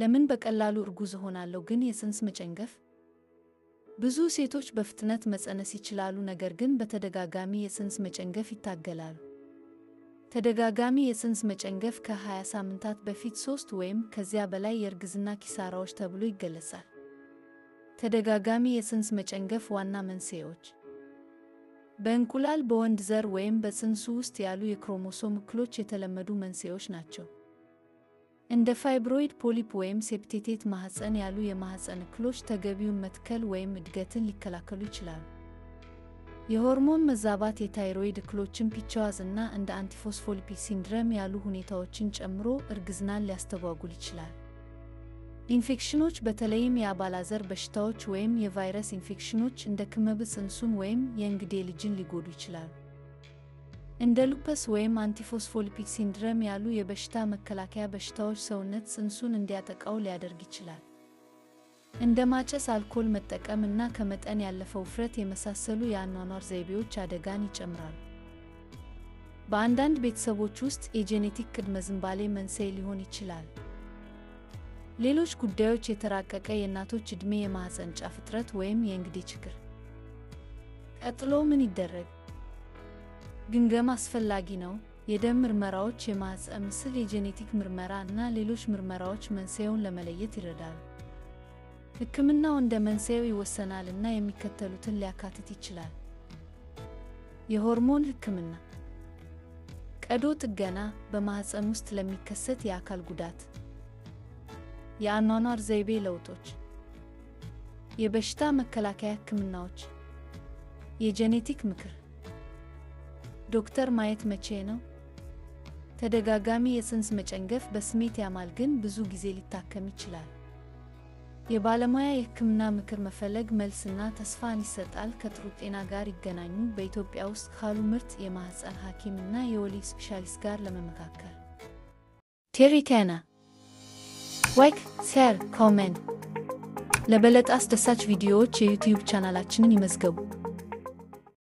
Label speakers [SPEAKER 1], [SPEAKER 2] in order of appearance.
[SPEAKER 1] ለምን በቀላሉ እርጉዝ እሆናለሁ ግን የፅንስ መጨንገፍ? ብዙ ሴቶች በፍጥነት መፀነስ ይችላሉ፣ ነገር ግን በተደጋጋሚ የፅንስ መጨንገፍ ይታገላሉ። ተደጋጋሚ የፅንስ መጨንገፍ ከ20 ሳምንታት በፊት ሶስት ወይም ከዚያ በላይ የእርግዝና ኪሳራዎች ተብሎ ይገለጻል። ተደጋጋሚ የፅንስ መጨንገፍ ዋና መንስኤዎች በእንቁላል፣ በወንድ ዘር ወይም በፅንሱ ውስጥ ያሉ የክሮሞሶም እክሎች የተለመዱ መንስኤዎች ናቸው። እንደ ፋይብሮይድ ፖሊፕ ወይም ሴፕቴቴት ማህፀን ያሉ የማህፀን እክሎች ተገቢውን መትከል ወይም እድገትን ሊከላከሉ ይችላሉ። የሆርሞን መዛባት የታይሮይድ እክሎችን ፒቻዋዝ እና እንደ አንቲፎስፎሊፒ ሲንድረም ያሉ ሁኔታዎችን ጨምሮ እርግዝናን ሊያስተጓጉል ይችላል። ኢንፌክሽኖች በተለይም የአባላዘር በሽታዎች ወይም የቫይረስ ኢንፌክሽኖች እንደ ክመብ እንሱን ወይም የእንግዴ ልጅን ሊጎዱ ይችላሉ። እንደ ሉፐስ ወይም አንቲፎስፎሊፒክ ሲንድረም ያሉ የበሽታ መከላከያ በሽታዎች ሰውነት ጽንሱን እንዲያጠቃው ሊያደርግ ይችላል። እንደ ማጨስ፣ አልኮል መጠቀም እና ከመጠን ያለፈ ውፍረት የመሳሰሉ የአኗኗር ዘይቤዎች አደጋን ይጨምራሉ። በአንዳንድ ቤተሰቦች ውስጥ የጄኔቲክ ቅድመ ዝንባሌ መንስኤ ሊሆን ይችላል። ሌሎች ጉዳዮች የተራቀቀ የእናቶች ዕድሜ፣ የማህፀን ጫፍ እጥረት ወይም የእንግዴ ችግር። ቀጥሎ ምን ይደረግ? ግምገም አስፈላጊ ነው። የደም ምርመራዎች፣ የማህፀን ምስል፣ የጄኔቲክ ምርመራ እና ሌሎች ምርመራዎች መንስኤውን ለመለየት ይረዳሉ። ሕክምናው እንደ መንስኤው ይወሰናል እና የሚከተሉትን ሊያካትት ይችላል። የሆርሞን ሕክምና፣ ቀዶ ጥገና፣ በማህፀን ውስጥ ለሚከሰት የአካል ጉዳት። የአኗኗር ዘይቤ ለውጦች፣ የበሽታ መከላከያ ሕክምናዎች፣ የጄኔቲክ ምክር ዶክተር ማየት መቼ ነው? ተደጋጋሚ የጽንስ መጨንገፍ በስሜት ያማል፣ ግን ብዙ ጊዜ ሊታከም ይችላል። የባለሙያ የሕክምና ምክር መፈለግ መልስና ተስፋን ይሰጣል። ከጥሩ ጤና ጋር ይገናኙ። በኢትዮጵያ ውስጥ ካሉ ምርጥ የማህፀን ሐኪም እና የወሊድ ስፔሻሊስት ጋር ለመመካከል ቴሪ ቴና ዋይክ ሴር ኮመን ለበለጠ አስደሳች ቪዲዮዎች የዩቲዩብ ቻናላችንን ይመዝገቡ።